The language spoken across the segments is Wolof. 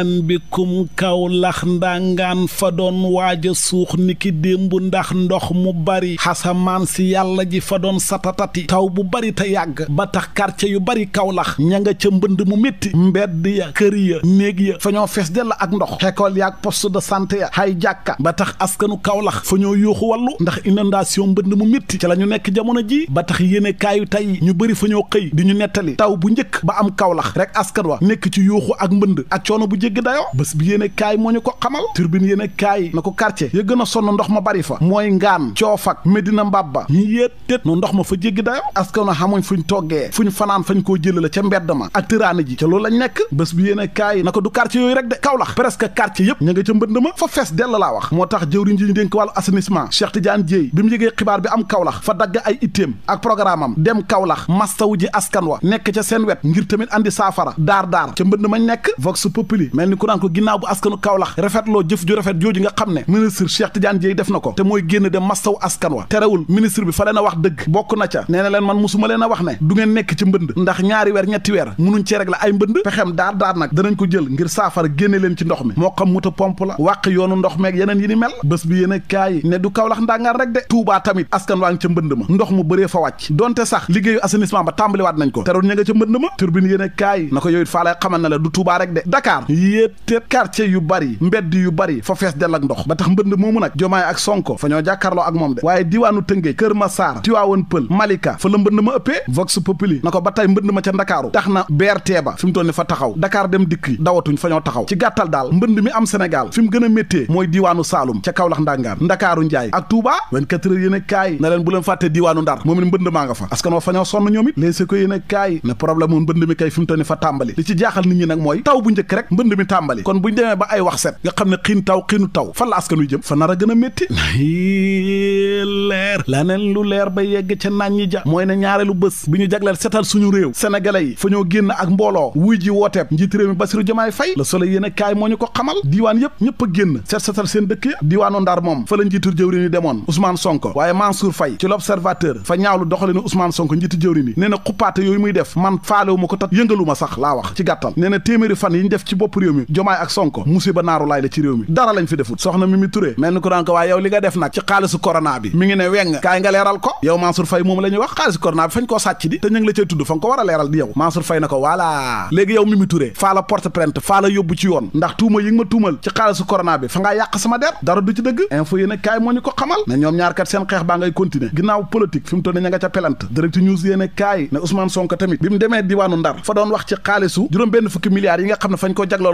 naan mbékum kawlax ndangaan fa doon waaja suux niki démb ndax ndox mu bari xasamaan si yàlla ji fa doon satatati taw bu bari te yàgg ba tax quartier yu bari kawlax ña nga ca mbënd mu métti mbedd ya kër ya néeg ya fa ñoo fees dell ak ndox école ya ak post de sant ya hay jàkka ba tax askanu kawlax fa ñoo yuuxu wàllu ndax inondation mbënn mu métti ci la ñu nekk jamono ji ba tax yéene kaayu tey ñu bëri fa ñoo xëy di ñu nettali taw bu njëkk ba am kawlax rek askan jéggi dayoo bés bi yéen kaay moo ñu ko xamal turbine yéen e kaay na ko quartier ya gën sonn ndox ma bari fa mooy ngaan coofak Medina Mbabba ñi yéet tét no ndox ma fa jéggi dayo askan na xamuñ fuñ toggee fuñ fanaan fañ koo jëla la ca mbedd ma ak tëraane ji ca loolu lañ nekk bés bi yéen e kaay na ko du quartier yooyu rek de Kaolack presque quartier yépp ña nga ca mbënd ma fa fees dell laa wax moo tax jëwriñ ji ñu dénk wàllu assainissement Cheikh Tidiane Dièye bi mu yëgee xibaar bi dagg ay itteem ak programme am dem Kaolack mastawu ji askan wa nekk ca seen wet ngir tamit andi saafara daar daar ca mbënd mañ nekk vox populi mel ni ku naan ko ginnaaw bu askanu Kaolack rafetloo jëf ju rafet jooju nga xam ne ministre Cheikh Tidiane Dièye def na ko te mooy génn de massaw askan wa terewul ministre bi fa leen a wax dëgg bokk na ca nee leen man musuma leen a wax ne du ngeen nekk ci mbënd ndax ñaari weer ñetti weer munuñ cee régler ay mbënd pexem daar daar nag danañ ko jël ngir saafara génne leen ci ndox mi moo xam muta pompe la wàq yoonu ndox meeg yeneen yi ni mel bés bi yéen a kaay waa ngi ca mbënd ma ndox mu bëree fa wàcc donte sax liggéeyu assainissement ba a kaay na ko yowit yéetteet quartier yu bari mbedd yu bari fa fees dell ndox ba tax mbënd moomu nag jomaay ak sonko fa ñoo ak moom de waaye diiwaanu tëngéej kër masaar tiwaawan pël malika fa la ma ëppee vox populi na ko ba tey mbënd ma ca ndakaaru tax na BRT ba fi mu toll ni fa taxaw dakar dem dikki dawatuñ fa ñoo taxaw ci gàttal daal mbënd mi am sénégal fi mu gën a méttee mooy diiwaanu saalum ca kawlax ndangaan ndakaaru njaay ak tuuba 24 heures a kaay na bu leen fàtte rek mbënd mi tàmbali kon buñ demee ba ay wax set nga xam ne xiin taw xiinu taw fan la askan wi jëm fa nar a gën a métti leer laneen lu leer ba yegg ca naan ja mooy ne ñaareelu bés bi ñu jagleel setal suñu réew sénégalais yi fa ñoo génn ak mbooloo wuy ji wooteeb njiit réew mi Basiru Jomaay Fay Le Soleil yéen a kaay moo ñu ko xamal diiwaan yëpp ñëpp a génn seet setal seen dëkk ya diiwaanu Ndar moom fa la njiitu jëwriñ yi demoon Ousmane Sonko waaye Mansour Faye ci l'Observateur ma ko tat yëngalu ma sax laa wax ci gàttal nee na téeméeri fan réew mi jomaay ak sonko musiba naaru la ci réew mi dara lañ fi defut soxna mi mel ni ko daan ko li nga def nag ci xaalisu corona bi mi ngi ne weng kaay nga leeral ko yow Mansour Faye moom la wax xaalisu corona bi fañ koo sàcc di te ñu la cay tudd fa nga war a leeral di yow Mansour Faye na ko voilà léegi yow mi mi porte plainte faa yóbbu ci yoon ndax tuuma yi nga ma tuumal ci xaalisu corona bi fa ngaa yàq sama der dara du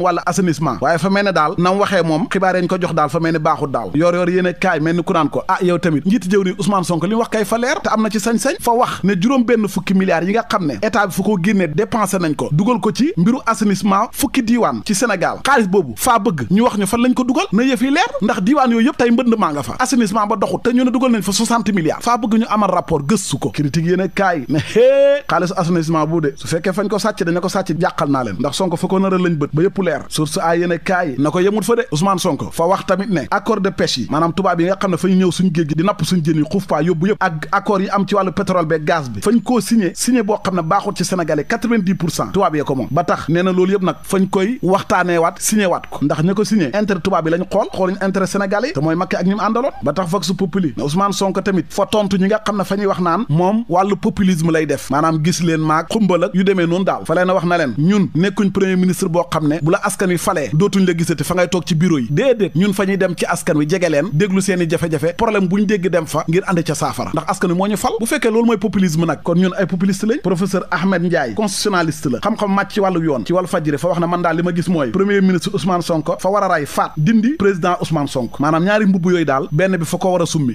am wàlla assainissement waaye fa mel ne daal nam waxee moom xibaar yañ ko jox daal fa mel ne baaxut daal yor yor yéen a kaay mel ni ku naan ko ah yow tamit njiiti jëw ni Ousmane Sonko li mu wax kay fa leer te am na ci sañ-sañ fa wax ne juróom benn fukki milliards yi nga xam ne état bi fu ko génnee dépensé nañ ko dugal ko ci mbiru assainissement fukki diiwaan ci Sénégal xaalis boobu faa bëgg ñu wax ñu fan lañ ko dugal na yëf yi leer ndax diiwaan yooyu yëpp tey mbënd maa nga fa ba doxut te ñu ne dugal nañ fa 60 milliards faa bëgg ñu gëstu ko critique yéen a kaay ne xée xaalisu assainissement bu de ko sàcc daña ko sàcc naa leen ndax Sonko fa ko bët ba yëpp leer source a na ko yemut fa de Ousmane Sonko fa wax tamit ne accord de pêche yi maanaam tubaab yi nga xam ne fañ ñëw suñ géej di napp suñ jën yi xuuf faa yóbbu yëpp ak accord yi am ci wàllu pétrole beeg gaz bi fañ koo signé signé boo xam ne baaxut ci sénégalais 90 tubaab yee ko moom ba tax nee na loolu yëpp nag fañ koy waxtaaneewaat signé waat ko ndax ña ko signé tubaab yi lañ xool xooluñ intérêt sénégalais te mooy Macky ak ñi mu ba tax bu la askan wi falee dootuñ la gisati fa ngay toog ci bureau yi déedéet ñun fa dem ci askan wi jege leen déglu seen jafe-jafe problème bu ñu dégg dem fa ngir ànd ca saafara ndax askan wi moo ñu fal bu fekkee loolu mooy populisme nag kon ñun ay populiste lañ professeur Ahmed Ndiaye constitutionnaliste la xam-xam màcc ci wàllu yoon ci wàllu fajiri fa wax ne man daal li ma gis mooy premier ministre Ousmane Sonko fa war a faat dindi président Ousmane Sonko a summi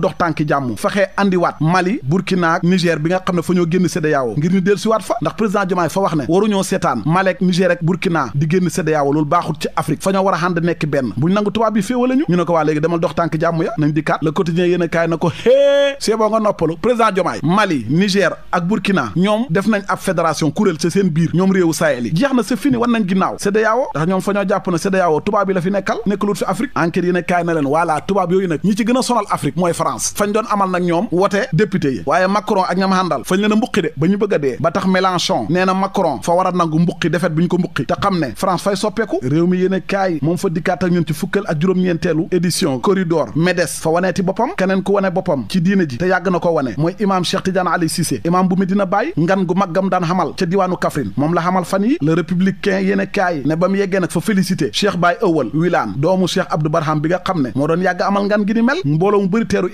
dox tànki jàmm fexee andiwaat Mali Burkina ak Niger bi nga xam ne fa ñoo génn CEDEAO ngir ñu del siwaat fa ndax président Diomaye fa wax ne waruñoo seetaan Mali ak ak Burkina di génn CEDEAO loolu baaxut ci Afrique fa ñoo war a ànd nekk benn buñ nangu tubaab bi féewale ñu ñu ne ko waa léegi demal dox tànk jàmm ya nañ di kaat le quotidien yéen a kaay na ko hée c'est nga noppalu président Diomaye Mali Niger ak Burkina ñoom def nañ a kaay na leen voilà tubaab a sonal Afrique mooy France fañ doon amal nag ñoom wote député yi waaye Macron ak ñam àndal fañ leen a mbuqi de ba ñu bëgg a dee ba tax Mélenchon nee na Macron fa war nangu mbuqi defet bu ñu ko mbuqi te xam ne France fay soppeeku réew mi yéen a moom fa dikkaat ak ñun ci fukkal ak juróom-ñeenteelu édition corridor MEDES fa waneeti boppam keneen ku wane boppam ci diine ji te yàgg na ko wane mooy imaam Cheikh Tidiane Ali Cissé imaam bu Medina Baye ngan gu maggam daan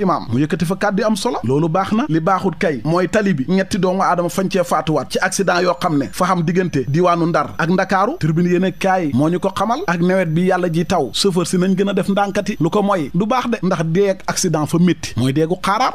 imaam mu yëkkati fa kàddu am solo loolu baax na li baaxut kay mooy tali bi ñetti doomu aadama fañ cee faatuwaat ci accident yoo xam ne fa xam diggante diiwaanu ndar ak ndakaaru turbine yéen a kaay moo ñu ko xamal ak nawet bi yàlla ji taw chauffeur si nañ gën a def ndànkati lu ko mooy du baax de ndax dee ak fa métti mooy deegu xaaraar